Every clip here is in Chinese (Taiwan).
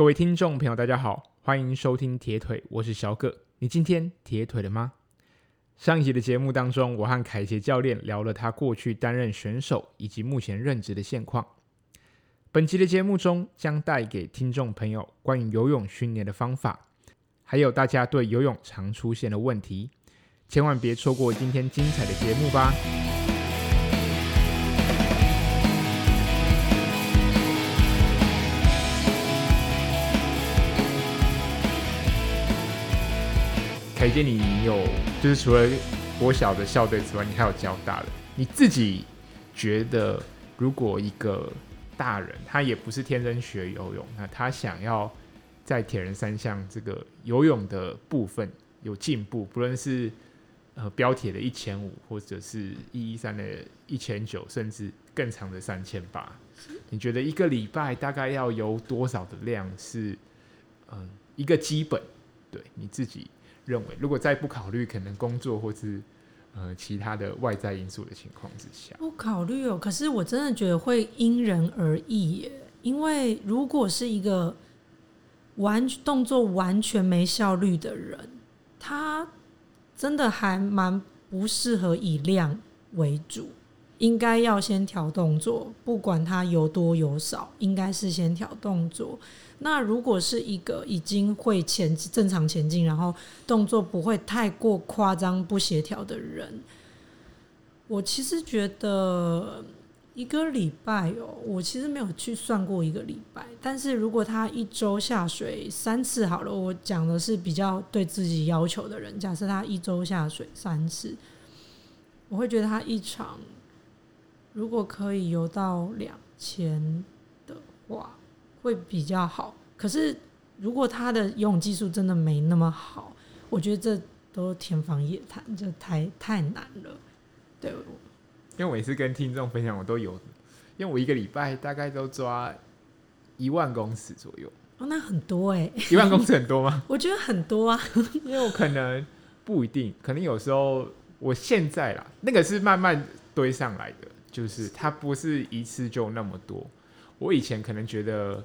各位聽眾朋友，大家好，歡迎收聽鐵腿，我是小葛。你今天鐵腿了嗎？上一集的節目當中，我和愷婕教練聊了他過去擔任選手以及目前任職的現況。本集的節目中將帶給聽眾朋友關於游泳訓練的方法，還有大家對游泳常出現的問題。千萬別錯過今天精彩的節目吧！愷婕，你有就是除了國小的校隊之外，你還有交大的。你自己覺得，如果一個大人他也不是天生學游泳，那他想要在鐵人三項這個游泳的部分有進步，不論是呃標鐵的一千五，或者是一一三的一千九，甚至更長的三千八，你覺得一個禮拜大概要游多少的量是嗯、呃、一個基本？對你自己。認為，如果再不考慮可能工作或是呃其他的外在因素的情況之下，不考慮哦。可是我真的覺得會因人而異耶，因為如果是一個完，動作完全沒效率的人，他真的還蠻不適合以量為主。應該要先調動作，不管他有多有少，應該是先調動作。那如果是一個已經會前正常前進，然後動作不會太過誇張、不協調的人，我其實覺得一個禮拜哦、喔，我其實沒有去算過一個禮拜。但是如果他一周下水三次好了，我講的是比較對自己要求的人。假設他一周下水三次，我會覺得他一場。如果可以游到兩千的話，會比較好。可是如果他的游泳技術真的沒那麼好，我覺得這都天方夜譚，這太太難了。對，因為我也是跟聽眾分享，我都有，因為我一個禮拜大概都抓一萬公尺左右。哦，那很多哎、欸，一萬公尺很多嗎？ 我覺得很多啊， 因為我可能不一定，可能有時候我現在啦，那個是慢慢堆上來的。就是它不是一次就那麼多。我以前可能覺得，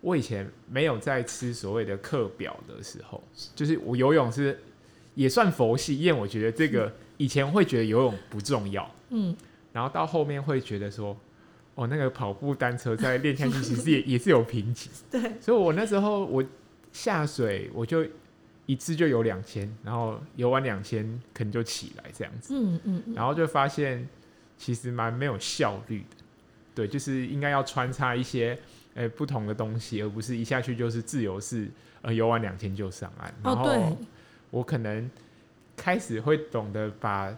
我以前沒有在吃所謂的課表的時候，就是我游泳是也算佛系，因為我覺得這個以前會覺得游泳不重要，嗯。然後到後面會覺得說，哦，那個跑步、單車在練下去，其實也也是有瓶頸。對。所以我那時候我下水，我就一次就有兩千，然後游完兩千可能就起來這樣子，嗯嗯。然後就發現。其實蠻沒有效率的，對，就是應該要穿插一些誒、欸、不同的東西，而不是一下去就是自由式，呃，游玩兩天就上岸。哦，對。我可能開始會懂得把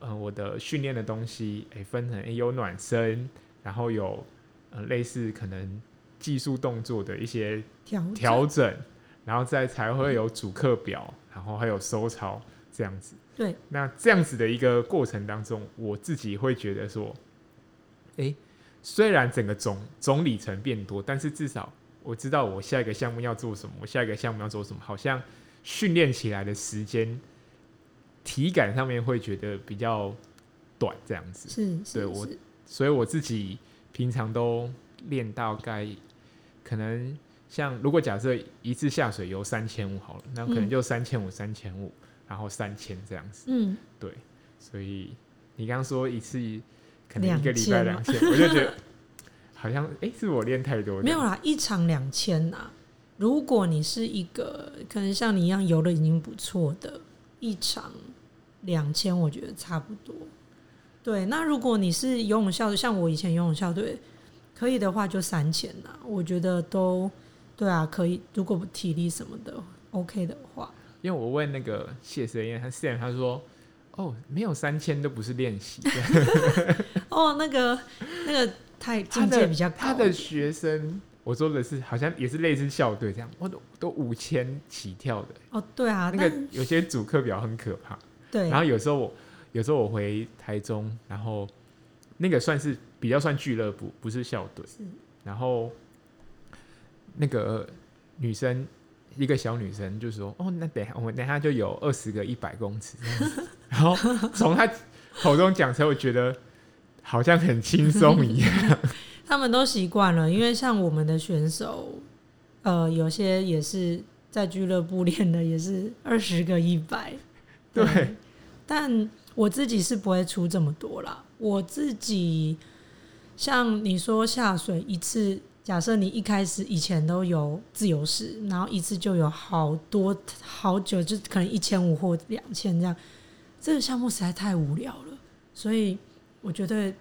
呃我的訓練的東西誒、欸、分成、欸、有暖身，然後有呃類似可能技術動作的一些調整，然後再才會有主課表，然後還有收操這樣子。對，那這樣子的一個過程當中，我自己會覺得說，誒、欸，雖然整個總總里程變多，但是至少我知道我下一個項目要做什麼，我下一個項目要做什麼，好像訓練起來的時間體感上面會覺得比較短，這樣子是，是，是對我，所以我自己平常都練大概，可能像如果假設一次下水游三千五好了，那可能就三千五三千五。然後三千這樣子，嗯，對，所以你剛剛說一次可能一個禮拜兩千，兩千啊、我就覺得 好像哎、欸，是,是我練太多，沒有啦，一場兩千吶、啊。如果你是一個可能像你一樣游的已經不錯的，一場兩千，我覺得差不多。對，那如果你是游泳校隊，像我以前游泳校隊可以的話，就三千吶、啊。我覺得都對啊，可以。如果不體力什麼的 OK 的話。因為我問那個謝師宴，他謝，他說：“哦，沒有三千都不是練習。” 哦，那個那個太他的，他的學生，我說的是好像也是類似校隊這樣，我、哦、都都五千起跳的。哦，對啊，那個那有些主課表很可怕。對、啊。然後有時候我有時候我回台中，然後那個算是比較算俱樂部，不是校隊。嗯、然後那個女生。一個小女生就說：“哦，那等下，我們等下就有二十個一百公尺。”然後從她口中講出來，我覺得好像很輕鬆一樣。 他們都習慣了，因為像我們的選手，呃，有些也是在俱樂部練的，也是二十個一百對。對、嗯，但我自己是不會出這麼多啦。我自己像你說下水一次。假設你一開始以前都有自由式，然後一次就有好多，好久，就可能一千五或兩千這樣，這個項目實在太無聊了，所以我覺得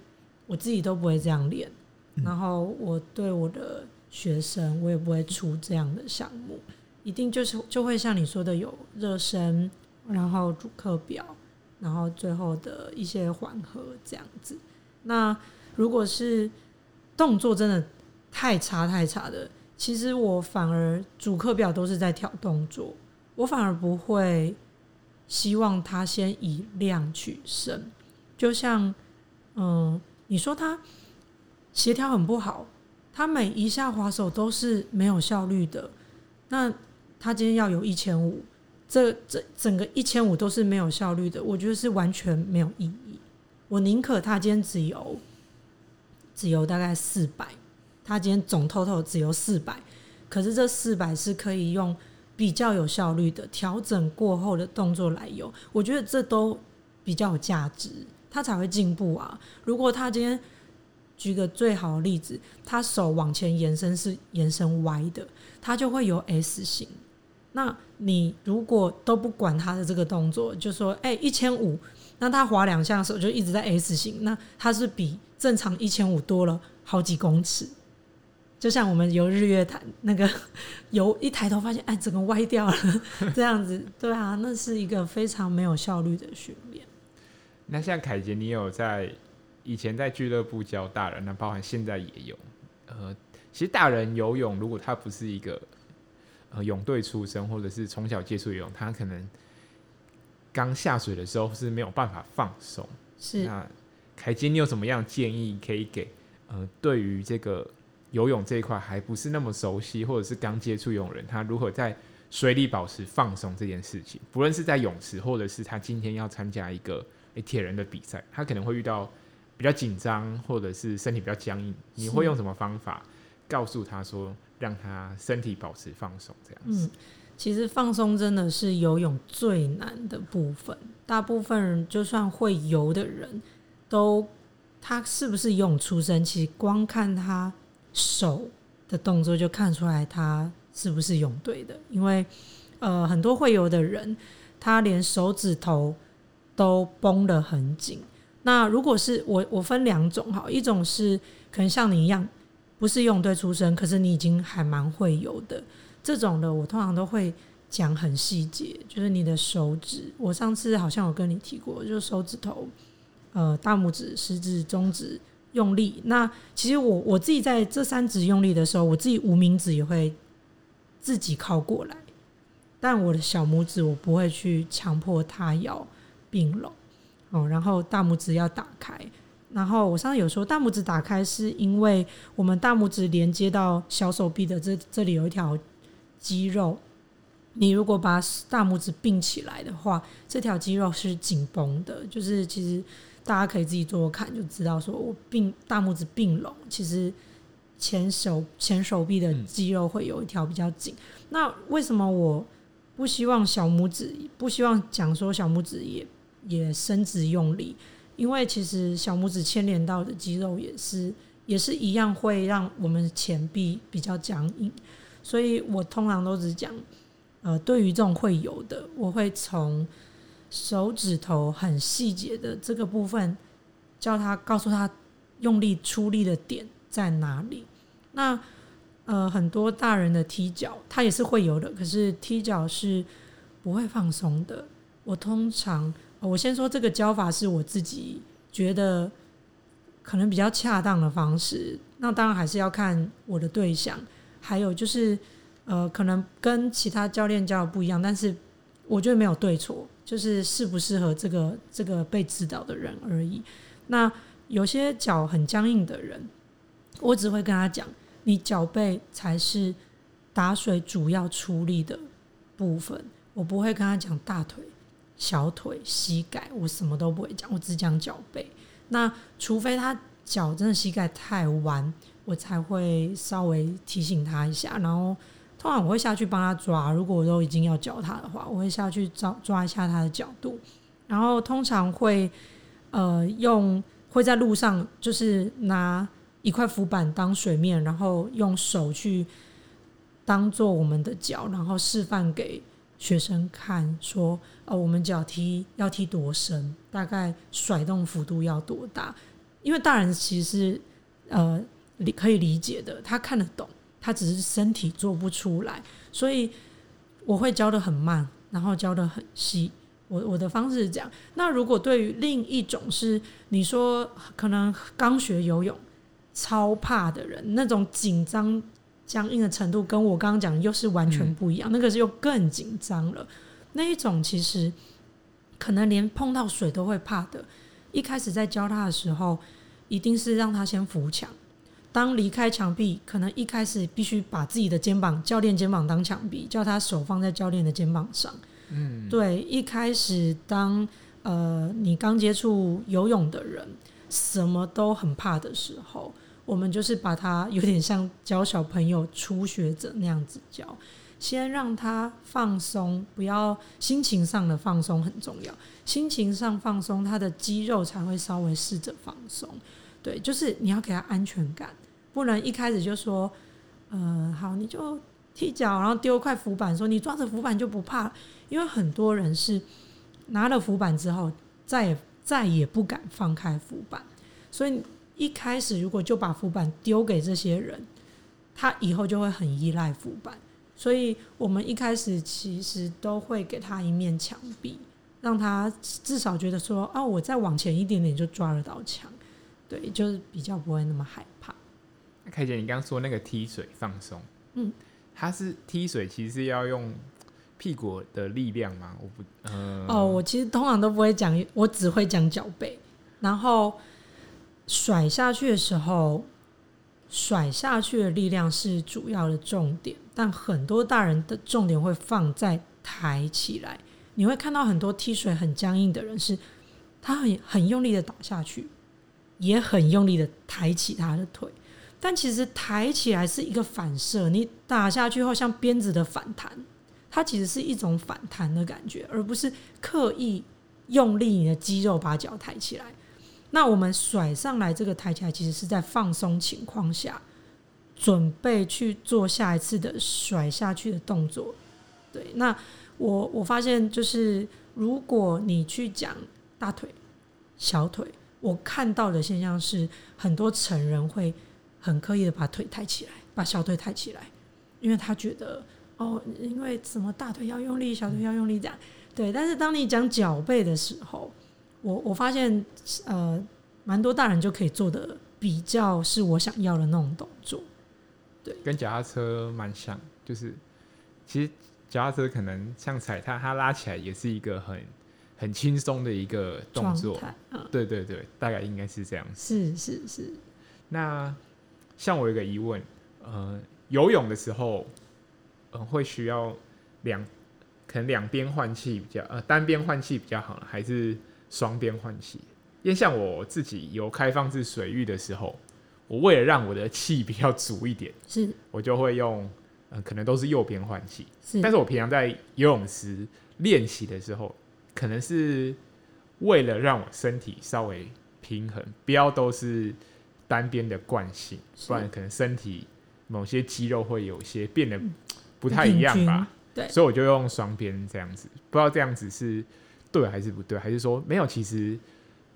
我自己都不會這樣練，然後我對我的學生，我也不會出這樣的項目，一定就是就會像你說的有熱身，然後主課表，然後最後的一些緩和這樣子。那如果是動作真的。太差太差的，其實我反而主課表都是在挑動作，我反而不會希望他先以量取勝。就像，嗯，你說他協調很不好，他每一下滑手都是沒有效率的。那他今天要有一千五，這這整個一千五都是沒有效率的，我覺得是完全沒有意義。我寧可他今天只游只游大概四百，他今天總 total 只有四百，可是這四百是可以用比較有效率的調整過後的動作來游，我覺得這都比較有價值，他才會進步啊！如果他今天舉個最好的例子，他手往前延伸是延伸歪的，他就會有 S 型。那你如果都不管他的這個動作，就說哎一千五，欸、1500, 那他劃兩下手就一直在 S 型，那他是比正常一千五多了好幾公尺。就像我們游日月潭那個游，一抬頭發現哎，整個歪掉了，這樣子 對啊，那是一個非常沒有效率的訓練。那像愷婕，你有在以前在俱樂部教大人，那包含現在也有，呃，其實大人游泳如果他不是一個呃泳隊出身，或者是從小接觸游泳，他可能剛下水的時候是沒有辦法放鬆。是那愷婕，你有什麼樣建議可以給呃對於這個？游泳這一塊還不是那麼熟悉，或者是剛接觸游泳人，他如何在水裡保持放鬆這件事情，不論是在泳池，或者是他今天要參加一個哎鐵人的比賽，他可能會遇到比較緊張，或者是身體比較僵硬。你會用什麼方法告訴他說，讓他身體保持放鬆這樣子？嗯，其實放鬆真的是游泳最難的部分。大部分人就算會游的人都，他是不是游泳出身？其實光看他。手的動作就看出來他是不是泳隊的，因為呃很多會游的人，他連手指頭都繃得很緊。那如果是我，我分兩種哈，一種是可能像你一樣不是泳隊出身，可是你已經還蠻會游的這種的，我通常都會講很細節，就是你的手指。我上次好像有跟你提過，就是手指頭，呃大拇指、食指、中指。用力。那其實我我自己在這三指用力的時候，我自己無名指也會自己靠過來，但我的小拇指我不會去強迫它要併攏。哦，然後大拇指要打開。然後我上次有說，大拇指打開是因為我們大拇指連接到小手臂的這這裡有一條肌肉。你如果把大拇指併起來的話，這條肌肉是緊繃的。就是其實。大家可以自己做做看，就知道。說我並大拇指併攏，其實前手前手臂的肌肉會有一條比較緊。嗯。那為什麼我不希望小拇指？不希望講說小拇指也也伸直用力，因為其實小拇指牽連到的肌肉也是也是一樣會讓我們前臂比較僵硬。所以我通常都只講，呃，對於這種會有的，我會從。手指頭很細節的這個部分，教他告訴他用力出力的點在哪裡。那呃，很多大人的踢腳，他也是會有的，可是踢腳是不會放鬆的。我通常我先說，這個教法是我自己覺得可能比較恰當的方式，那當然還是要看我的對象，還有就是呃，可能跟其他教練教的不一樣，但是我覺得沒有對錯。就是適不適合這個這個被指導的人而已。那有些腳很僵硬的人，我只會跟他講，你腳背才是打水主要出力的部分。我不會跟他講大腿、小腿、膝蓋，我什麼都不會講，我只講腳背。那除非他腳真的膝蓋太彎，我才會稍微提醒他一下，然後。通常我會下去幫他抓，如果我都已經要教他的話，我會下去抓抓一下他的角度，然後通常會呃用會在路上就是拿一塊浮板當水面，然後用手去當做我們的腳，然後示範給學生看，說哦、呃、我們腳踢要踢多深，大概甩動幅度要多大，因為大人其實呃理可以理解的，他看得懂。他只是身體做不出來，所以我會教的很慢，然後教的很細。我我的方式是這樣。那如果對於另一種是你說可能剛學游泳、超怕的人，那種緊張、僵硬的程度，跟我剛剛講的又是完全不一樣。嗯。那個是又更緊張了。那一種其實可能連碰到水都會怕的。一開始在教他的時候，一定是讓他先扶牆。當離開牆壁，可能一開始必須把自己的肩膀、教練肩膀當牆壁，叫他手放在教練的肩膀上。嗯，對，一開始當呃你剛接觸游泳的人，什麼都很怕的時候，我們就是把他有點像教小朋友初學者那樣子教，先讓他放鬆，不要心情上的放鬆很重要，心情上放鬆，他的肌肉才會稍微試着放鬆。對，就是你要給他安全感，不能一開始就說，嗯、呃，好，你就踢腳，然後丟塊浮板說，說你抓着浮板就不怕。因為很多人是拿了浮板之後，再也再也不敢放開浮板。所以一開始如果就把浮板丟給這些人，他以後就會很依賴浮板。所以我們一開始其實都會給他一面牆壁，讓他至少覺得說，啊，我再往前一點點就抓得到牆。對，就是比較不會那麼害怕。愷婕，你剛剛說那個踢水放鬆，嗯，它是踢水，其實是要用屁股的力量嗎？我不，嗯、哦，我其實通常都不會講，我只會講腳背。然後甩下去的時候，甩下去的力量是主要的重點，但很多大人的重點會放在抬起來。你會看到很多踢水很僵硬的人，是他很很用力的打下去。也很用力的抬起他的腿，但其實抬起來是一個反射，你打下去後像鞭子的反彈，它其實是一種反彈的感覺，而不是刻意用力你的肌肉把腳抬起來。那我們甩上來這個抬起來，其實是在放鬆情況下準備去做下一次的甩下去的動作。對，那我我發現就是如果你去講大腿、小腿。我看到的現象是，很多成人會很刻意的把腿抬起來，把小腿抬起來，因為他覺得哦，因為什麼大腿要用力，小腿要用力這樣。對，但是當你講腳背的時候，我我發現呃，蠻多大人就可以做得比較是我想要的那種動作。對，跟腳踏車蠻像，就是其實腳踏車可能像踩踏，它拉起來也是一個很。很輕鬆的一個動作，對對對，大概應該是這樣子。是是、嗯、是。是那像我有一個疑問、呃，游泳的時候，呃、會需要兩，可能兩邊換氣比較，呃，單邊換氣比較好，還是雙邊換氣？因為像我自己有開放式水域的時候，我為了讓我的氣比較足一點，是，我就會用、呃，可能都是右邊換氣，是，但是我平常在游泳池練習的時候。可能是為了讓我身體稍微平衡，不要都是單邊的慣性，是不然可能身體某些肌肉會有些變得不太一樣吧。對，所以我就用雙邊這樣子，不知道這樣子是對還是不對，還是說沒有？其實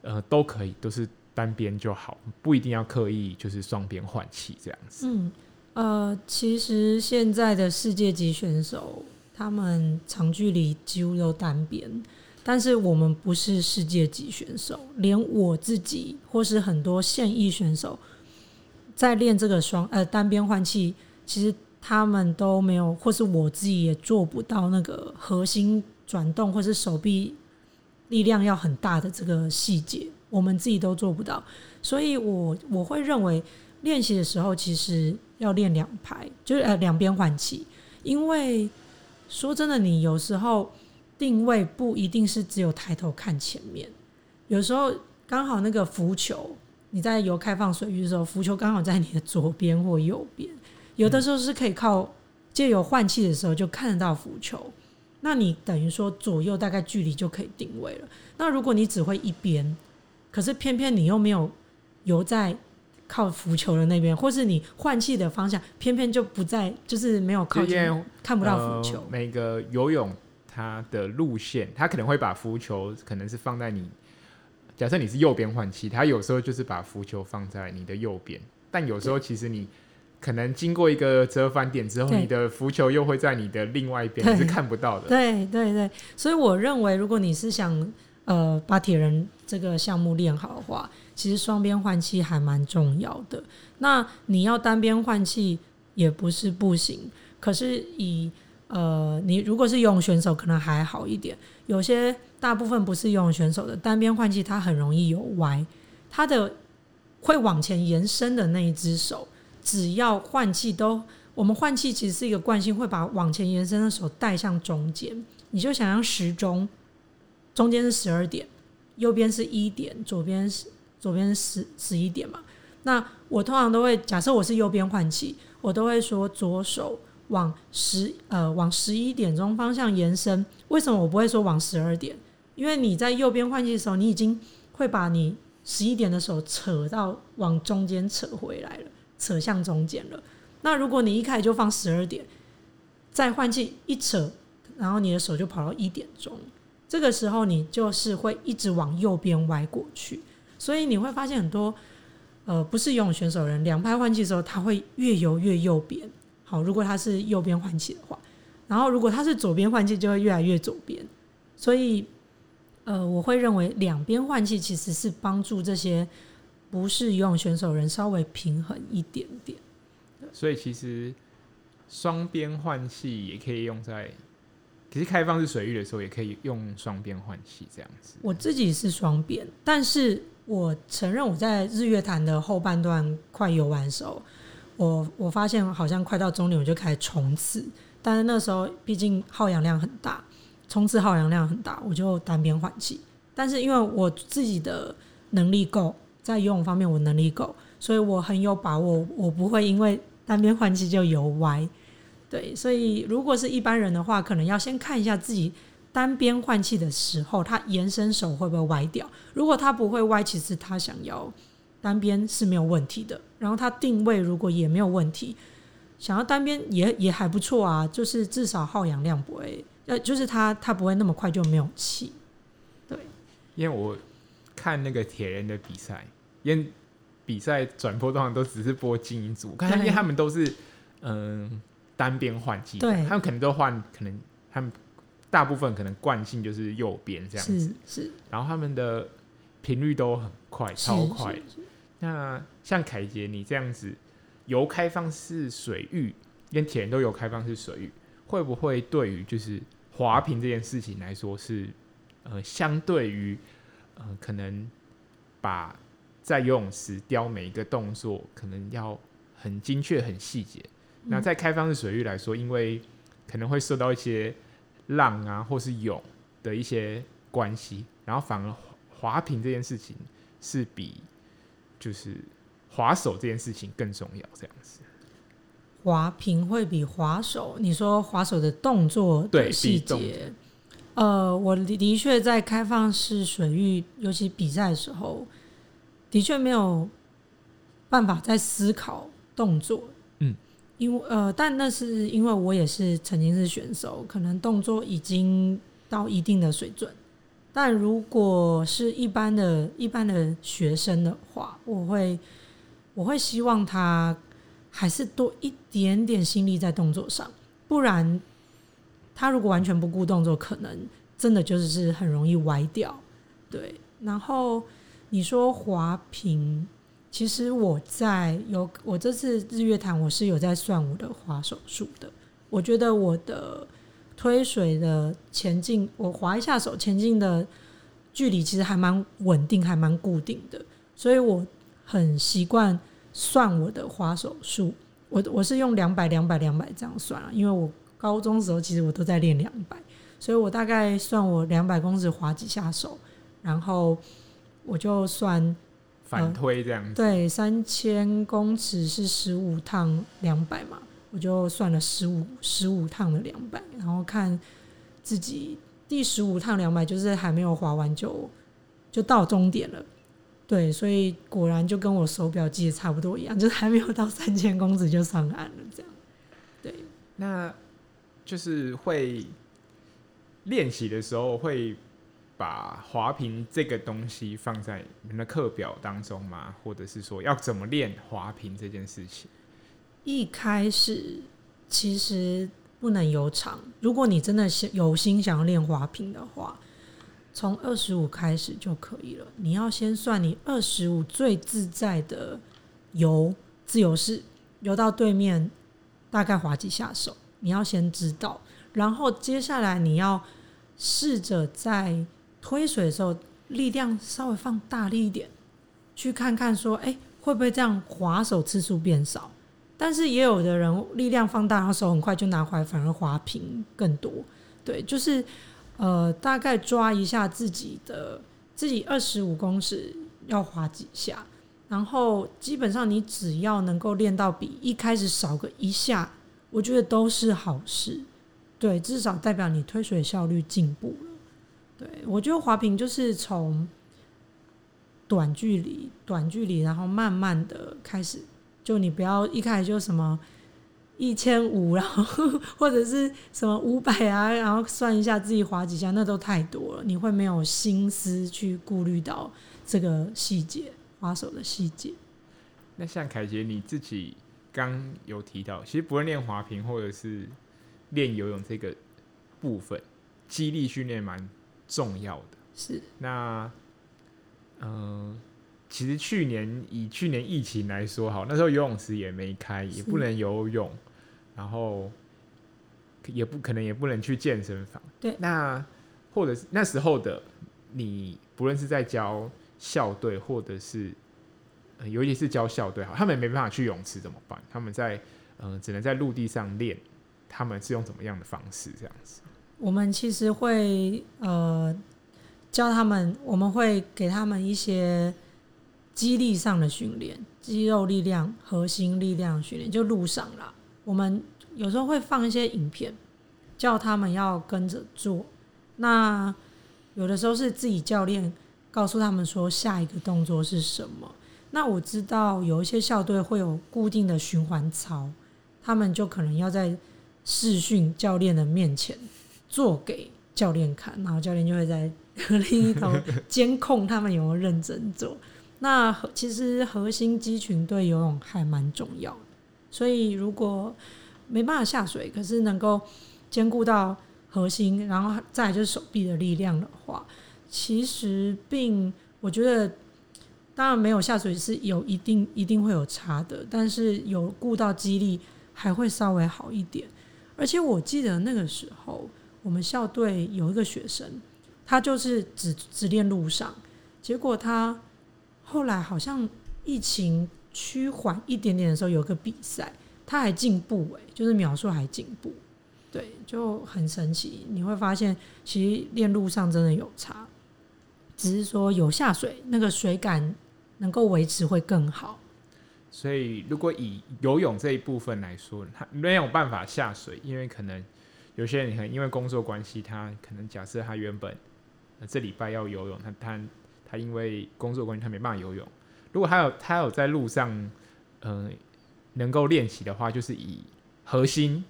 呃都可以，都是單邊就好，不一定要刻意就是雙邊換氣這樣子。嗯，呃，其實現在的世界級選手，他們長距離幾乎都單邊。但是我們不是世界級選手，連我自己或是很多現役選手在練這個雙呃單邊換氣，其實他們都沒有，或是我自己也做不到那個核心轉動或是手臂力量要很大的這個細節，我們自己都做不到。所以我我會認為練習的時候其實要練兩排，就是呃兩邊換氣，因為說真的，你有時候。定位不一定是只有抬頭看前面，有時候剛好那個浮球，你在游開放水域的時候，浮球剛好在你的左邊或右邊，有的時候是可以靠借由換氣的時候就看得到浮球，那你等於說左右大概距離就可以定位了。那如果你只會一邊，可是偏偏你又沒有游在靠浮球的那邊，或是你換氣的方向偏偏就不在，就是沒有靠近看不到浮球，呃，每個游泳。他的路線，他可能會把浮球可能是放在你假設你是右邊換氣，他有時候就是把浮球放在你的右邊，但有時候其實你可能經過一個折返點之後，對你的浮球又會在你的另外一邊，對你是看不到的。對對對，所以我認為，如果你是想呃把鐵人這個項目練好的話，其實雙邊換氣還蠻重要的。那你要單邊換氣也不是不行，可是以。呃，你如果是游泳選手，可能還好一點。有些大部分不是游泳選手的單邊換氣，它很容易有歪。它的會往前延伸的那一隻手，只要換氣都，我們換氣其實是一個慣性，會把往前延伸的手帶向中間。你就想象時鐘，中間是十二點，右邊是一點，左邊是左邊是十十一點嘛。那我通常都會假設我是右邊換氣，我都會說左手。往十，呃往十一點鐘方向延伸，為什麼我不會說往十二點？因為你在右邊換氣的時候，你已經會把你十一點的手扯到往中間扯回來了，扯向中間了。那如果你一開始就放十二點，再換氣一扯，然後你的手就跑到一點鐘，這個時候你就是會一直往右邊歪過去。所以你會發現很多呃不是游泳選手人兩拍換氣的時候，他會越游越右邊。好，如果他是右邊換氣的話，然後如果他是左邊換氣，就會越來越左邊。所以，呃，我會認為兩邊換氣其實是幫助這些不是游泳選手的人稍微平衡一點點。所以，其實雙邊換氣也可以用在，可是開放式水域的時候也可以用雙邊換氣這樣子。我自己是雙邊，但是我承認我在日月潭的後半段快游完的時候。我我發現好像快到終點，我就開始衝刺，但是那時候畢竟耗氧量很大，衝刺耗氧量很大，我就單邊換氣。但是因為我自己的能力夠，在游泳方面我能力夠，所以我很有把握，我不會因為單邊換氣就游歪。對，所以如果是一般人的話，可能要先看一下自己單邊換氣的時候，他延伸手會不會歪掉。如果他不會歪，其實他想要單邊是沒有問題的。然後他定位如果也沒有問題，想要單邊也也還不錯啊，就是至少耗氧量不會，呃，就是他他不會那麼快就沒有氣。對，因為我看那個鐵人的比賽，因為比賽轉播通常都只是播精英組，看對因為他們都是嗯、呃、單邊換氣，對，他們可能都換，可能他們大部分可能慣性就是右邊這樣子，是，是，然後他們的頻率都很快，超快。是是是。那像愷婕你這樣子游開放式水域，跟鐵人都游開放式水域，會不會對於就是划頻這件事情來說是呃相對於呃可能把在游泳池雕每一個動作可能要很精確很細節，嗯、那在開放式水域來說，因為可能會受到一些浪啊或是湧的一些關係，然後反而划頻這件事情是比。就是滑手這件事情更重要，這樣子。滑頻會比滑手，你說滑手的動作的對，細節，呃，我的確在開放式水域，尤其比賽的時候，的確沒有辦法在思考動作。嗯，因，因為呃，但那是因為我也是曾經是選手，可能動作已經到一定的水準。但如果是一般的一般的學生的話，我會我會希望他還是多一點點心力在動作上，不然他如果完全不顧動作，可能真的就是很容易歪掉。對，然後你說劃頻，其實我在有我這次日月潭，我是有在算我的划手數的，我覺得我的。推水的前進，我划一下手前進的距離，其實還蠻穩定，還蠻固定的，所以我很習慣算我的划手數。我我是用兩百、兩百、兩百這樣算了、啊，因為我高中時候其實我都在練兩百，所以我大概算我兩百公尺划幾下手，然後我就算、呃、反推這樣子。對，三千公尺是十五趟兩百嘛。我就算了十五十五趟的兩百，然後看自己第十五趟兩百就是還沒有劃完就就到終點了，對，所以果然就跟我手表記得差不多一樣，就是還沒有到三千公尺就上岸了，這樣。對，那就是會練習的時候會把劃頻這個東西放在你的課表當中嗎？或者是說要怎麼練劃頻這件事情？一開始其實不能游長，如果你真的是有心想要練划頻的話，從二十五開始就可以了。你要先算你二十五最自在的游自由式游到對面，大概划幾下手，你要先知道。然後接下來你要試着在推水的時候力量稍微放大力一點，去看看說，哎、欸，會不會這樣划手次數變少？但是也有的人力量放大，然後手很快就拿回來，反而劃頻更多。對，就是呃，大概抓一下自己的自己二十五公尺要滑幾下，然後基本上你只要能夠練到比一開始少個一下，我覺得都是好事。對，至少代表你推水效率進步了。對，我覺得劃頻就是從短距離、短距離，然後慢慢的開始。就你不要一開始就什麼一千五，然後或者是什麼五百啊，然後算一下自己划幾下，那都太多了。你會沒有心思去顧慮到這個細節划手的細節。那像愷婕，你自己剛有提到，其實不論練滑屏，或者是練游泳這個部分，肌力訓練蠻重要的。是那嗯。呃其實去年，以去年疫情來說好，好那時候游泳池也沒開，是也不能游泳，然後也不可能也不能去健身房。對，那或者是那時候的你，不論是在教校隊，或者是，呃、尤其是教校隊，好他們也沒辦法去泳池，怎麼辦？他們在嗯、呃，只能在陸地上練。他們是用怎麼樣的方式這樣子？我們其實會呃教他們，我們會給他們一些。肌力上的訓練、肌肉力量、核心力量訓練就路上啦。我們有時候會放一些影片，叫他們要跟着做。那有的時候是自己教練告訴他們說，下一個動作是什麼。那我知道有一些校隊會有固定的循環操，他們就可能要在視訊教練的面前做給教練看，然後教練就會在另一頭監控他們有沒有認真做。那核，其實核心肌群對游泳還蠻重要的，所以如果沒辦法下水，可是能夠兼顧到核心，然後再來就是手臂的力量的話，其實並我覺得當然沒有下水是有一定一定會有差的，但是有顧到肌力還會稍微好一點。而且我記得那個時候我們校隊有一個學生，他就是只只練陸上，結果他。後來好像疫情趨緩一點點的時候，有一個比賽，他還進步，欸、就是秒數還進步，對，就很神奇。你會發現，其實練路上真的有差，只是說有下水，那個水感能夠維持會更好。所以，如果以游泳這一部分來說，他沒有辦法下水，因為可能有些人可能因為工作關係，他可能假設他原本這禮拜要游泳，他他。因為工作關係，他沒辦法游泳。如果他有他有在路上，呃，能夠練習的話，就是以核心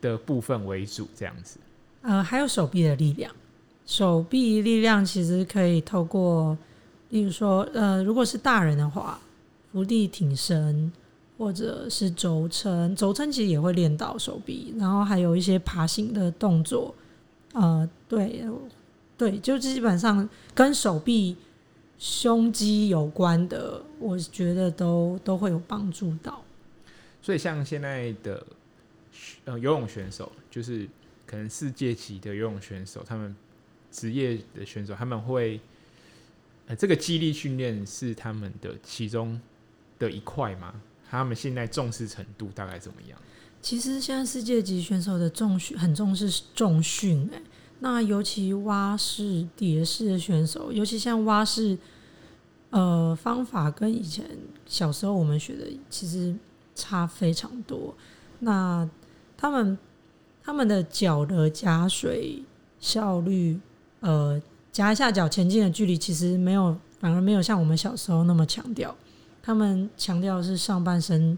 的部分為主，這樣子。呃，還有手臂的力量，手臂力量其實可以透過，例如說，呃，如果是大人的話，伏地挺身，或者是肘撐，肘撐其實也會練到手臂。然後還有一些爬行的動作，呃，對，對，就基本上跟手臂。胸肌有關的，我覺得都都會有幫助到。所以像現在的呃游泳選手，就是可能世界級的游泳選手，他們職業的選手，他們會、呃、這個肌力訓練是他們的其中的一塊嗎？他們現在重視程度大概怎麼樣？其實現在世界級選手的重訓很重視重訓、欸，那尤其蛙式、蝶式的選手，尤其像蛙式。呃，方法跟以前小時候我們學的其實差非常多。那他們他們的腳的夾水效率，呃，夾一下腳前進的距離其實沒有，反而沒有像我們小時候那麼強調。他們強調是上半身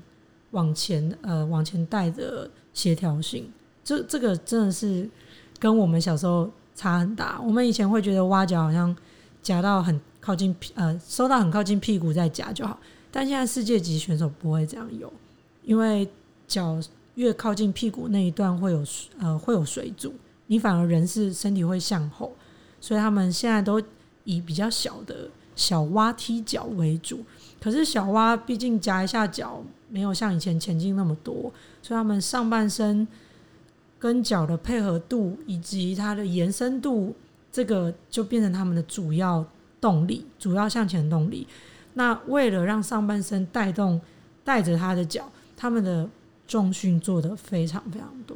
往前，呃，往前帶的協調性。這這個真的是跟我們小時候差很大。我們以前會覺得蛙腳好像夾到很。靠近屁呃，收到很靠近屁股再夾就好。但現在世界級選手不會這樣游，因為腳越靠近屁股，那一段會有呃會有水阻，你反而人是身體會向後，所以他們現在都以比較小的小蛙踢腳為主。可是小蛙畢竟夾一下腳，沒有像以前前進那麼多，所以他們上半身跟腳的配合度以及它的延伸度，這個就變成他們的主要。動力，主要向前動力，那為了讓上半身帶動帶着他的腳，他們的重訓做得非常非常多，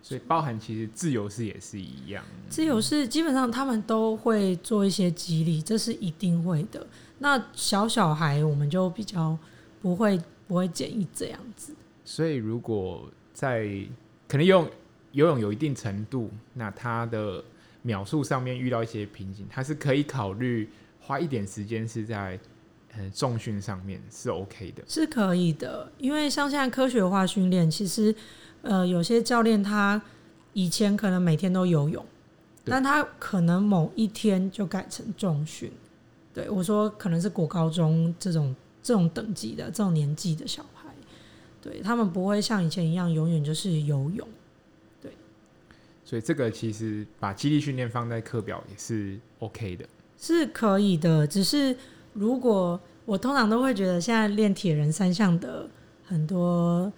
所以包含其實自由式也是一樣。嗯、自由式基本上他們都會做一些肌力，這是一定會的。那小小孩我們就比較不會不會建議這樣子。所以如果在可能游泳，游泳有一定程度，那他的秒數上面遇到一些瓶頸，他是可以考慮。花一點時間是在呃重訓上面是 OK 的，是可以的，因為像現在科學化訓練，其實呃有些教練他以前可能每天都游泳，對但他可能某一天就改成重訓。對我說，可能是國高中這種這種等級的，這種年紀的小孩，對他們不會像以前一樣永遠就是游泳。對，所以這個其實把肌力訓練放在課表也是 OK 的。是可以的，只是如果我通常都會覺得，現在練鐵人三項的很多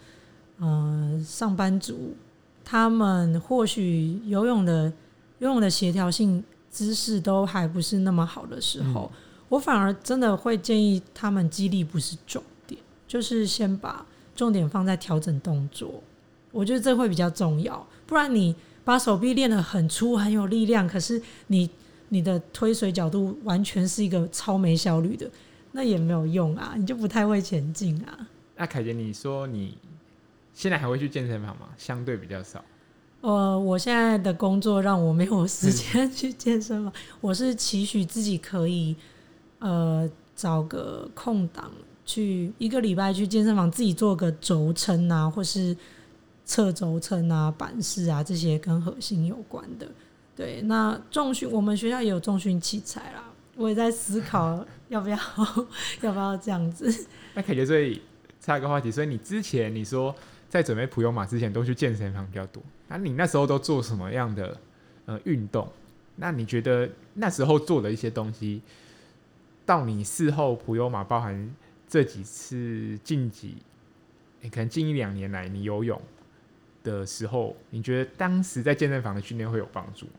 嗯、呃、上班族，他們或許游泳的游泳的協調性姿勢都還不是那麼好的時候，嗯、我反而真的會建議他們肌力不是重點，就是先把重點放在調整動作，我覺得這會比較重要。不然你把手臂練得很粗很有力量，可是你你的推水角度完全是一個超沒效率的，那也沒有用啊，你就不太會前進啊。那愷婕，你說你現在還會去健身房嗎？相對比較少。呃，我現在的工作讓我沒有時間去健身房。是我是期許自己可以呃找個空檔去一個禮拜去健身房，自己做個肘撐啊，或是側肘撐啊、板式啊這些跟核心有關的。對，那重訓我們學校也有重訓器材啦，我也在思考要不要 要不要這樣子。 那感覺所以差一個話題，所以你之前你說在準備普悠瑪之前都去健身房比較多，那你那時候都做什麼樣的呃運動？那你覺得那時候做的一些東西，到你事後普悠瑪包含這幾次晉級、欸，可能近一兩年來你游泳的時候，你覺得當時在健身房的訓練會有幫助嗎？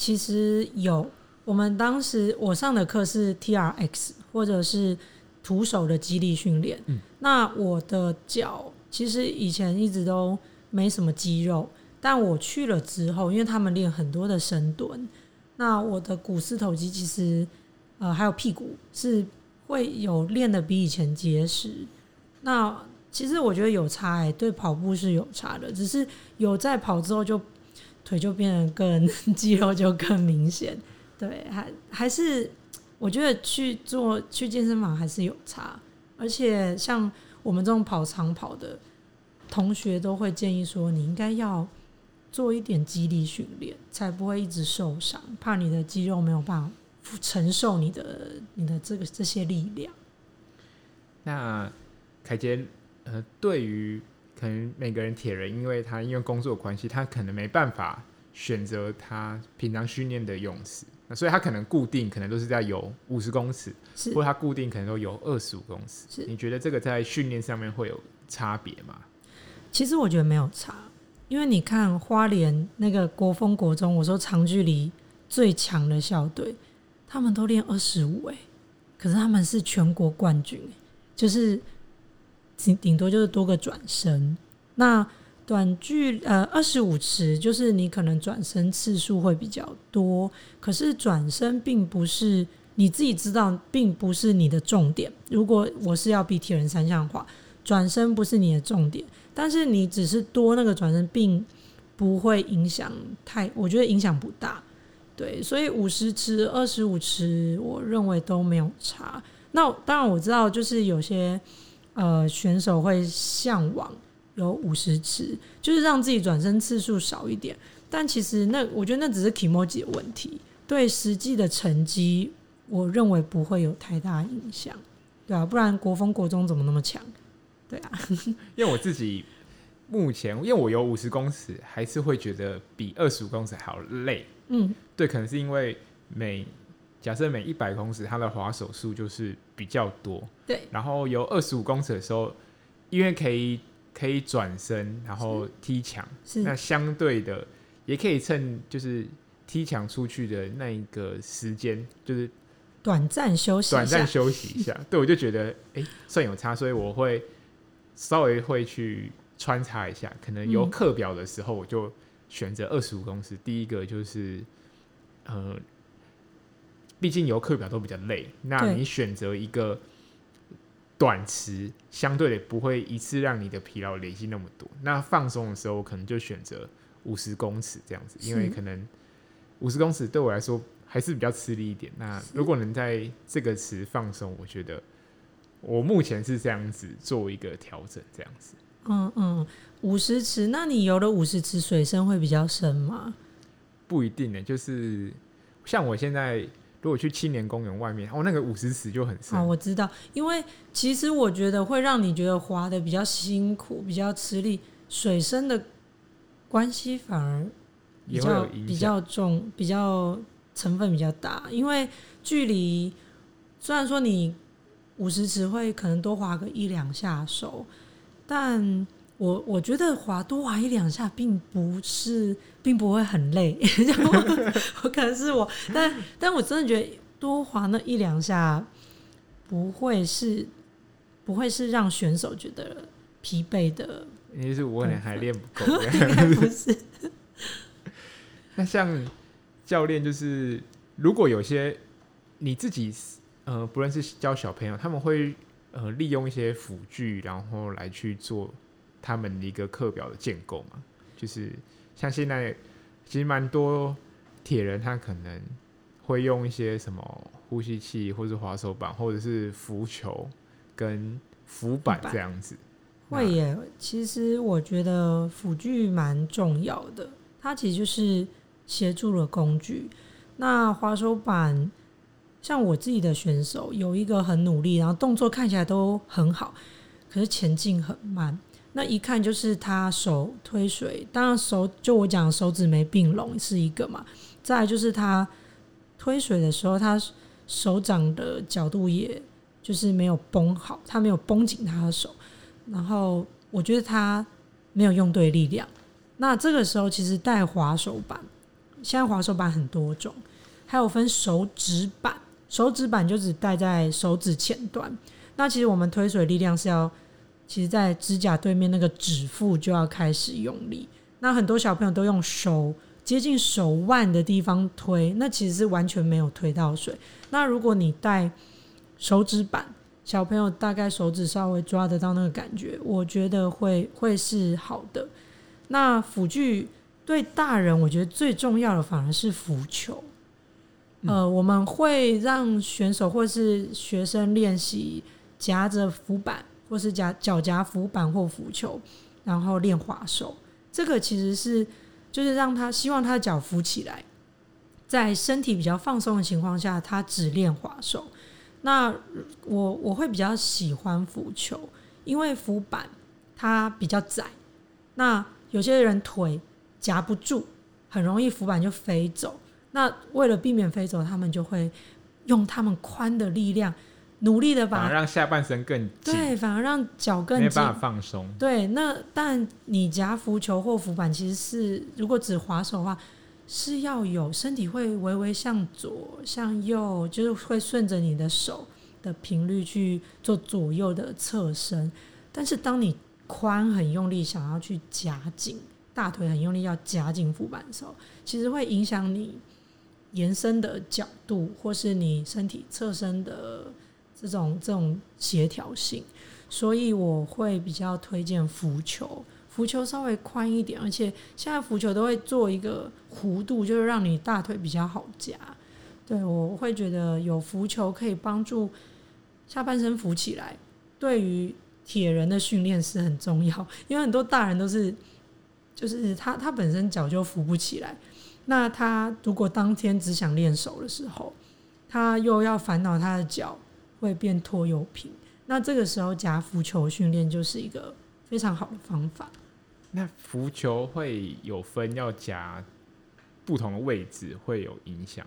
其實有，我們當時我上的課是 TRX 或者是徒手的肌力訓練。嗯，那我的腳其實以前一直都沒什麼肌肉，但我去了之後，因為他們練很多的深蹲，那我的股四頭肌其實呃還有屁股是會有練得比以前結實。那其實我覺得有差哎、欸，對跑步是有差的，只是有在跑之後就。腿就變得更肌肉就更明顯，對，還還是我覺得去做去健身房還是有差，而且像我們這種跑長跑的同學，都會建議說你應該要做一點肌力訓練，才不會一直受傷，怕你的肌肉沒有辦法承受你的你的這個這些力量。那愷婕呃，對於。可能每個人鐵人，因為他因為工作關係，他可能沒辦法選擇他平常訓練的泳池。所以他可能固定可能都是在游五十公尺，是或者他固定可能都游二十五公尺。是你覺得這個在訓練上面會有差別嗎？其實我覺得沒有差，因為你看花蓮那個國風國中，我說長距離最強的校隊，他們都練二十五欸，可是他們是全國冠軍欸，就是。頂多就是多個轉身，那短距呃、二十五尺就是你可能轉身次數會比較多，可是轉身並不是你自己知道，並不是你的重點。如果我是要比鐵人三項的話，轉身不是你的重點，但是你只是多那個轉身，並不會影響太，我覺得影響不大。對，所以五十尺、二十五尺，我認為都沒有差。那當然我知道，就是有些。呃，選手會嚮往有五十次，就是讓自己轉身次數少一點。但其實那我覺得那只是體模級的問題，對實際的成績，我認為不會有太大影響，對啊，不然國風國中怎麼那麼強？對啊， 因為我自己目前因為我有五十公尺，還是會覺得比二十五公尺還好累。嗯，對，可能是因為每。假設每一百公尺，他的滑手數就是比較多。對。然後有二十五公尺的時候，因為可以可以轉身，然後踢牆。是。那相對的，也可以趁，就是踢牆出去的那一個時間，就是短暫休息，短暫休息一下。對，我就覺得哎、欸，算有差，所以我會稍微會去穿插一下。可能有課表的時候，我就選擇二十五公尺。嗯嗯、第一個就是，呃。畢竟游課表都比較累，那你選擇一個短池，相對的不會一次讓你的疲勞累積那麼多。那放鬆的時候，可能就選擇五十公尺這樣子，是因為可能五十公尺對我來說還是比較吃力一點。那如果能在這個池放鬆，我覺得我目前是這樣子做一個調整，這樣子。嗯嗯，五十池，那你游了五十池，水深會比較深嗎？不一定呢、欸，就是像我現在，如果去青年公園外面，哦，那個五十尺就很深。啊，我知道，因為其實我覺得會讓你覺得滑得比較辛苦、比較吃力，水深的關係反而比較比較重，比較成分比較大。因為距離雖然說你五十尺會可能多滑個一兩下手，但。我我覺得滑多滑一兩下，並不是，並不會很累。 我可能是我， 但但我真的覺得多滑那一兩下，不會是不會是讓選手覺得疲憊的。就是我可能還練不夠， 應該不是。 那像教練，就是如果有些你自己呃，不論是教小朋友，他們會呃利用一些輔具，然後來去做。他們的一個課表的建構嘛，就是像現在其實蠻多鐵人，他可能會用一些什麼呼吸器，或是滑手板，或者是浮球跟浮板這樣子浮板。那會耶，其實我覺得輔具蠻重要的，它其實就是協助了工具。那滑手板，像我自己的選手有一個很努力，然後動作看起來都很好，可是前進很慢。那一看就是他手推水，當然手就我講手指沒併攏是一個嘛，再來就是他推水的時候，他手掌的角度也就是沒有繃好，他沒有繃緊他的手，然後我覺得他沒有用對力量。那這個時候其實帶滑手板，現在滑手板很多種，還有分手指板，手指板就只帶在手指前端。那其實我們推水力量是要。其實在指甲對面那個指腹就要開始用力。那很多小朋友都用手接近手腕的地方推，那其實是完全沒有推到水。那如果你戴手指板，小朋友大概手指稍微抓得到那個感覺，我覺得會會是好的。那輔具對大人，我覺得最重要的反而是浮球。嗯、呃，我們會讓選手或是學生練習夾着浮板，或是夾腳夾浮板或浮球，然後練滑手，這個其實是就是讓他希望他的腳浮起來，在身體比較放鬆的情況下，他只練滑手。那我我會比較喜歡浮球，因為浮板它比較窄，那有些人腿夾不住，很容易浮板就飛走。那為了避免飛走，他們就會用他們寬的力量，努力的把，反而讓下半身更緊，對，反而讓腳更緊，沒辦法放鬆。對，那但你夾浮球或浮板，其實是如果只划手的話，是要有身體會微微向左、向右，就是會順着你的手的頻率去做左右的側身。但是當你髖很用力，想要去夾緊大腿，很用力要夾緊浮板的時候，其實會影響你延伸的角度，或是你身體側身的。這種這種協調性，所以我會比較推薦浮球，浮球稍微寬一點，而且現在浮球都會做一個弧度，就是讓你大腿比較好夾。對，我會覺得有浮球可以幫助下半身浮起來，對於鐵人的訓練是很重要，因為很多大人都是，就是他他本身腳就浮不起來，那他如果當天只想練手的時候，他又要煩惱他的腳。會變拖油瓶，那這個時候夾浮球訓練就是一個非常好的方法。那浮球會有分要夾不同的位置，會有影響。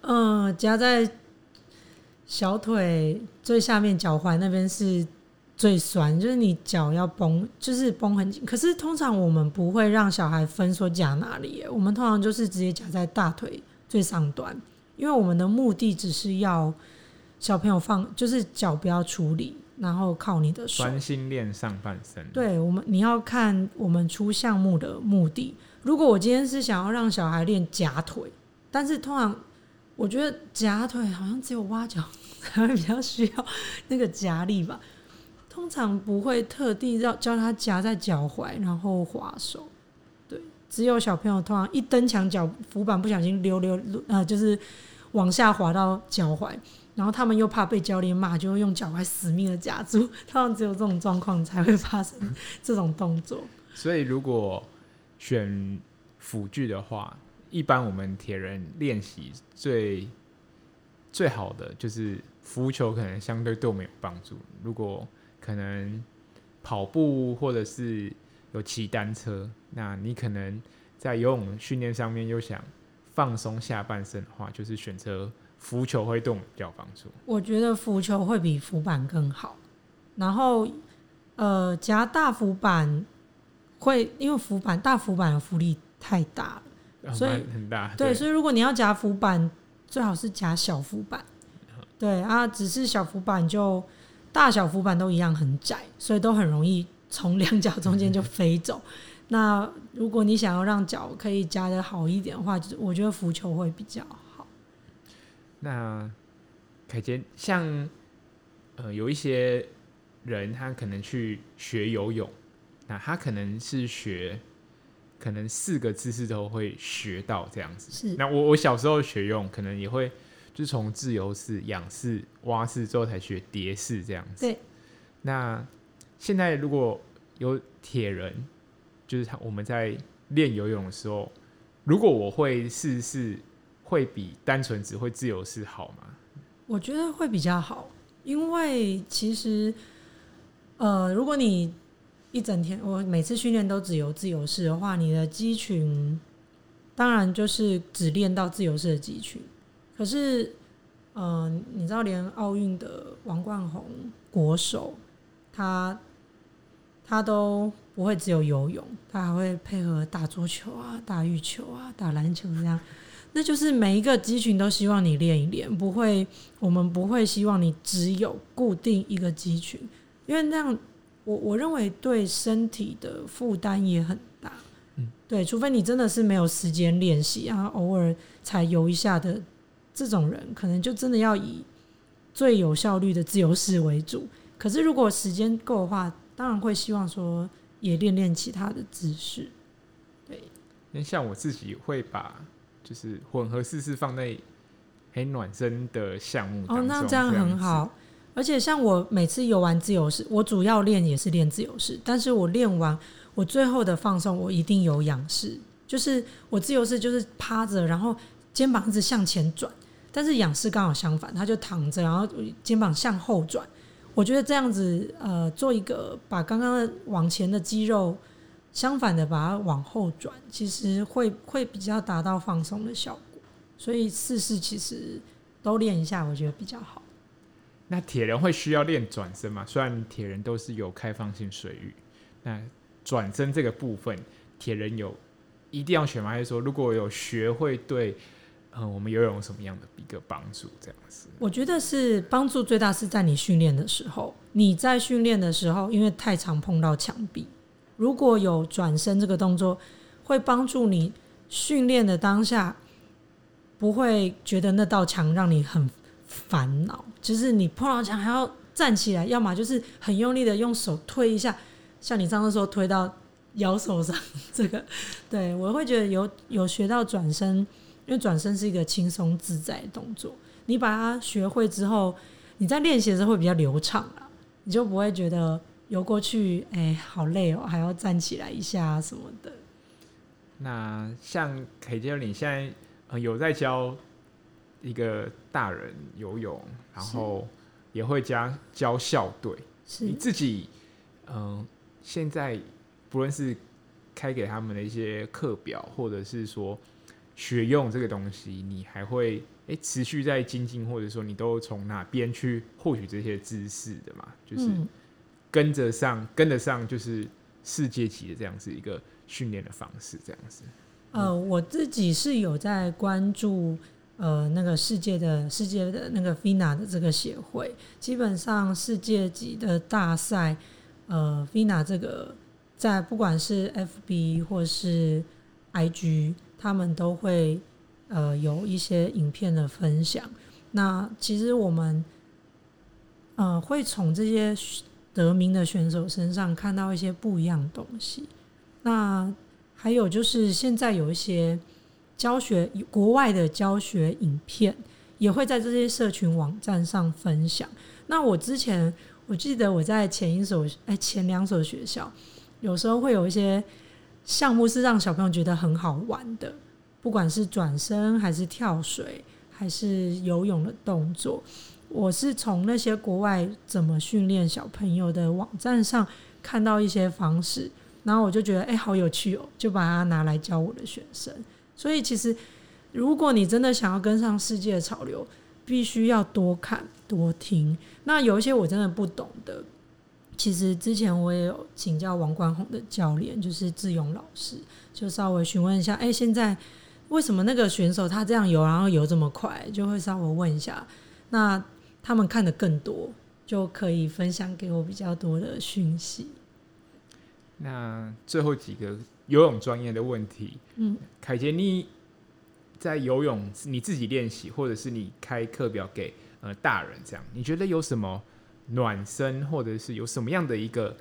嗯、呃，夾在小腿最下面腳踝那邊是最酸，就是你腳要繃，就是繃很緊。可是通常我們不會讓小孩分說夾哪裡，我們通常就是直接夾在大腿最上端，因為我們的目的只是要。小朋友放，就是腳不要處理，然後靠你的手。專心練上半身。對我們，你要看我們出項目的目的。如果我今天是想要讓小孩練夾腿，但是通常我覺得夾腿好像只有蛙腳才會比較需要那個夾力吧。通常不會特地要教他夾在腳踝，然後滑手。對，只有小朋友通常一蹬牆腳浮板不小心溜溜，呃，就是往下滑到腳踝。然後他們又怕被教練罵，就用腳踝死命的夾住。他們只有這種狀況才會發生這種動作。嗯，所以，如果選輔具的話，一般我們鐵人練習最最好的就是浮球，可能相對對我們有幫助。如果可能跑步或者是有騎單車，那你可能在游泳訓練上面又想放鬆下半身的話，就是選擇。浮球會動掉防住，我覺得浮球會比浮板更好。然後，呃，夾大浮板會因為浮板大浮板的浮力太大了，啊、所以很大對。對。所以如果你要夾浮板，最好是夾小浮板。好對啊，只是小浮板就大小浮板都一樣很窄，所以都很容易從兩腳中間就飛走。 那如果你想要讓腳可以夾得好一點的話，就我覺得浮球會比較好。那愷婕，像呃有一些人，他可能去學游泳，那他可能是學，可能四個姿勢都會學到這樣子。是那我我小時候學游泳，可能也會就從自由式、仰式、蛙式之後才學蝶式這樣子。對。那現在如果有鐵人，就是他我們在練游泳的時候，如果我會試試。會比單純只會自由式好嗎？我覺得會比較好，因為其實，呃，如果你一整天我每次訓練都只有自由式的話，你的肌群當然就是只練到自由式的肌群。可是，嗯、呃，你知道，連奧運的王冠宏國手，他他都不會只有游泳，他還會配合打桌球啊、打羽球啊、打籃球啊、打籃球這樣。那就是每一個肌群都希望你練一練，不會，我們不會希望你只有固定一個肌群，因為那樣我我認為對身體的負擔也很大。嗯，對，除非你真的是沒有時間練習，啊，偶爾才游一下的這種人，可能就真的要以最有效率的自由式為主。可是如果時間夠的話，當然會希望說也練練其他的姿勢。對，你像我自己會把。就是混合式是放在很暖身的項目哦，oh, 那這樣很好。而且像我每次游完自由式，我主要練也是練自由式，但是我練完我最後的放鬆，我一定有仰式。就是我自由式就是趴着，然後肩膀一直向前轉，但是仰式剛好相反，他就躺着，然後肩膀向後轉。我覺得這樣子呃，做一個把剛剛的往前的肌肉。相反的，把它往後轉，其實會會比較達到放鬆的效果。所以四式，其實都練一下，我覺得比較好。那鐵人會需要練轉身嗎？雖然鐵人都是有開放性水域，那轉身這個部分，鐵人有一定要學嗎？還是說如果有學會對呃我們游泳有什麼樣的一個幫助？這樣子，我覺得是幫助最大是在你訓練的時候。你在訓練的時候，因為太常碰到牆壁。如果有轉身這個動作，會幫助你訓練的當下不會覺得那道牆讓你很煩惱。就是你碰到牆還要站起來，要麼就是很用力的用手推一下。像你上次說推到腰手上這個，對我會覺得有有學到轉身，因為轉身是一個輕鬆自在的動作。你把它學會之後，你在練習的時候會比較流暢，你就不會覺得。游過去，哎、欸，好累哦、喔，還要站起來一下、啊、什麼的。那像 K 教練現在呃有在教一個大人游泳，然後也會教教校隊。是你自己嗯、呃，現在不論是開給他們的一些課表，或者是說學用這個東西，你還會哎、欸、持續在精進，或者說你都從哪邊去獲取這些知識的嘛？就是。嗯跟着上，跟得上就是世界級的這樣子一個訓練的方式，這樣子、嗯。呃，我自己是有在關注，呃，那個世界的、世界的那個 FINA 的這個協會，基本上世界級的大賽，呃，FINA 這個在不管是 FB 或是 IG，他們都會呃有一些影片的分享。那其實我們，呃，會從這些。得名的選手身上看到一些不一樣東西，那還有就是現在有一些教學，國外的教學影片也會在這些社群網站上分享。那我之前我記得我在前一所誒，前兩所學校，有時候會有一些項目是讓小朋友覺得很好玩的，不管是轉身還是跳水還是游泳的動作。我是從那些國外怎麼訓練小朋友的網站上看到一些方式，然後我就覺得欸，好有趣喔，就把它拿來教我的學生。所以其實，如果你真的想要跟上世界潮流，必須要多看多聽。那有一些我真的不懂的，其實之前我也有請教王冠宏的教練，就是志勇老師，就稍微詢問一下，欸，現在為什麼那個選手他這樣游，然後游這麼快，就會稍微問一下那。他們看得更多，就可以分享給我比較多的訊息。那最後幾個游泳專業的問題，嗯，愷婕，你在游泳你自己練習，或者是你開課表給呃大人這樣，你覺得有什麼暖身，或者是有什麼樣的一個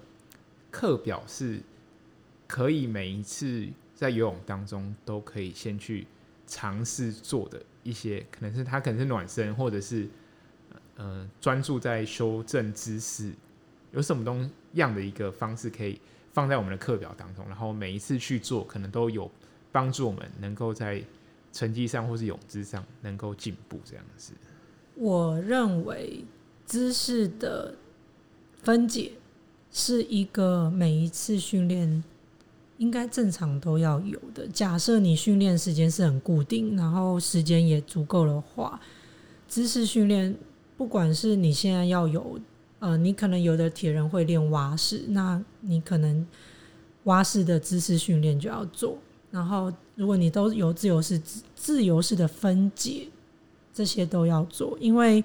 課表是可以每一次在游泳當中都可以先去嘗試做的一些，可能是他可能是暖身，或者是。呃，專注在修正姿勢，有什麼東樣的一個方式可以放在我們的課表當中？然後每一次去做，可能都有幫助我們能夠在成績上或是泳姿上能夠進步這樣子。我認為姿勢的分解是一個每一次訓練應該正常都要有的。假設你訓練時間是很固定，然後時間也足夠的話，姿勢訓練。不管是你現在要有，呃，你可能有的鐵人會練蛙式，那你可能蛙式的姿勢訓練就要做。然後，如果你都有自由式，自由式的分解，這些都要做。因為，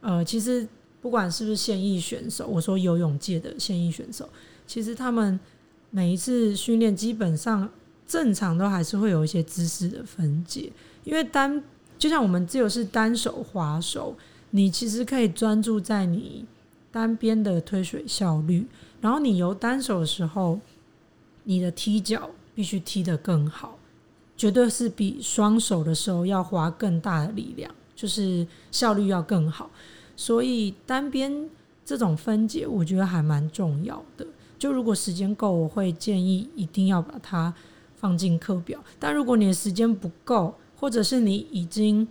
呃，其實不管是不是現役選手，我說游泳界的現役選手，其實他們每一次訓練基本上正常都還是會有一些姿勢的分解。因為單，就像我們自由式單手划手。你其實可以專注在你單邊的推水效率，然後你游單手的時候，你的踢腳必須踢得更好，絕對是比雙手的時候要花更大的力量，就是效率要更好。所以單邊這種分解，我覺得還蠻重要的。就如果時間夠，我會建議一定要把它放進課表。但如果你的時間不夠，或者是你已經……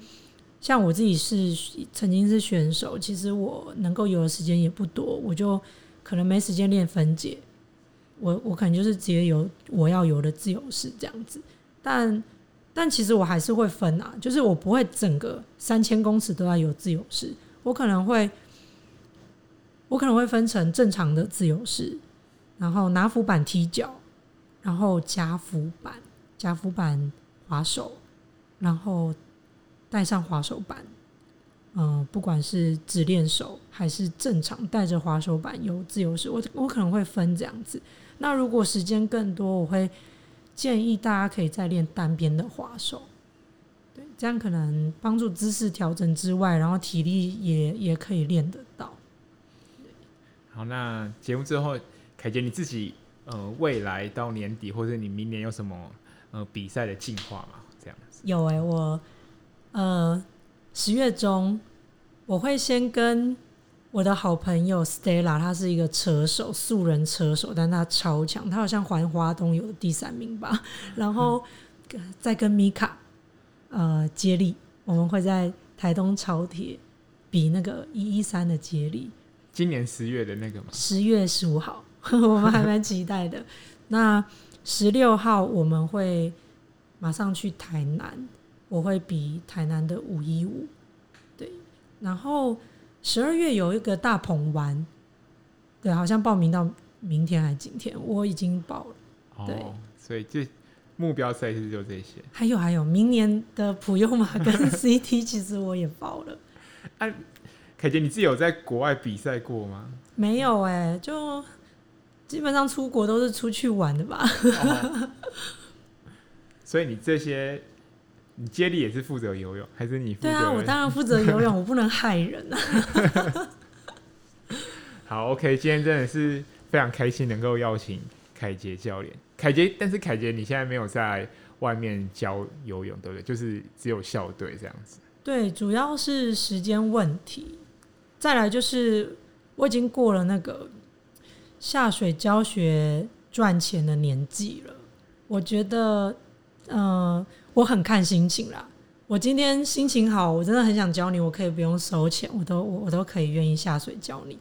像我自己是曾經是選手，其實我能夠游的時間也不多，我就可能沒時間練分解，我我可能就是直接游我要游的自由式這樣子，但但其實我還是會分啊，就是我不會整個三千公尺都要游自由式，我可能會我可能會分成正常的自由式，然後拿浮板踢腳，然後夾浮板夾浮板划手，然後。帶上滑手板，嗯、呃，不管是只練手還是正常帶着滑手板游自由式，我我可能會分這樣子。那如果時間更多，我會建議大家可以再練單邊的滑手，對，這樣可能幫助姿勢調整之外，然後體力也也可以練得到。好，那節目最後，愷婕你自己、呃、未來到年底或者你明年有什麼、呃、比賽的計劃嗎？這樣子有誒、欸，我。呃，十月中我會先跟我的好朋友 Stella，他是一個車手，素人車手，但他超強，他好像環花東有第三名吧。然後、嗯、再跟 Mika，呃，接力，我們會在台東超鐵比那個一一三的接力。今年十月的那個嗎？十月十五號，呵呵我們還蠻期待的。 那十六號我們會馬上去台南。我會比台南的五一五，對，然後十二月有一個大鵬灣，對，好像報名到明天還是今天，我已經報了。對、oh, 所以這目標賽事就這些。還有還有，明年的普悠瑪跟 CT，其實我也報了。哎、 啊，愷婕，你自己有在國外比賽過嗎？沒有哎、欸，就基本上出國都是出去玩的吧。Oh. 所以你這些。你接力也是負責游泳，還是你負責？對啊，我當然負責游泳， 我不能害人啊 好。好，OK，今天真的是非常開心，能夠邀請愷婕教練。愷婕，但是愷婕你現在沒有在外面教游泳，對不對？就是只有校隊這樣子。對，主要是時間問題。再來就是我已經過了那個下水教學賺錢的年紀了。我覺得，呃。我很看心情啦，我今天心情好，我真的很想教你，我可以不用收錢，我都我我都可以願意下水教你。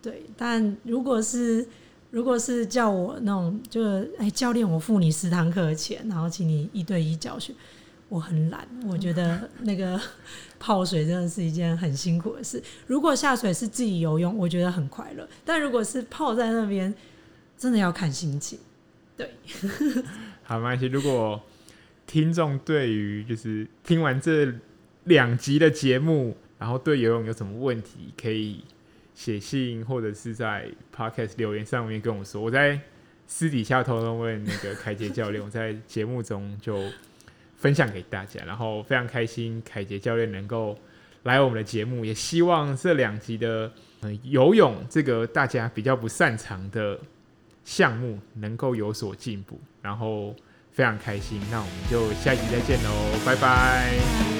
對，但如果是如果是叫我那種，就哎教練，我付你十堂課的錢，然後請你一對一教學，我很懶，我覺得那個泡水真的是一件很辛苦的事。如果下水是自己游泳，我覺得很快樂，但如果是泡在那邊，真的要看心情。對，好，沒關係。如果。聽眾對於就是聽完這兩集的節目，然後對游泳有什麼問題，可以寫信或者是在 Podcast 留言上面跟我說。我在私底下偷偷問那個愷婕教練，我 在節目中就分享給大家。然後非常開心愷婕教練能夠來我們的節目，也希望這兩集的、呃、游泳這個大家比較不擅長的項目能夠有所進步。然後。非常開心，那我們就下一集再見嘍，拜拜。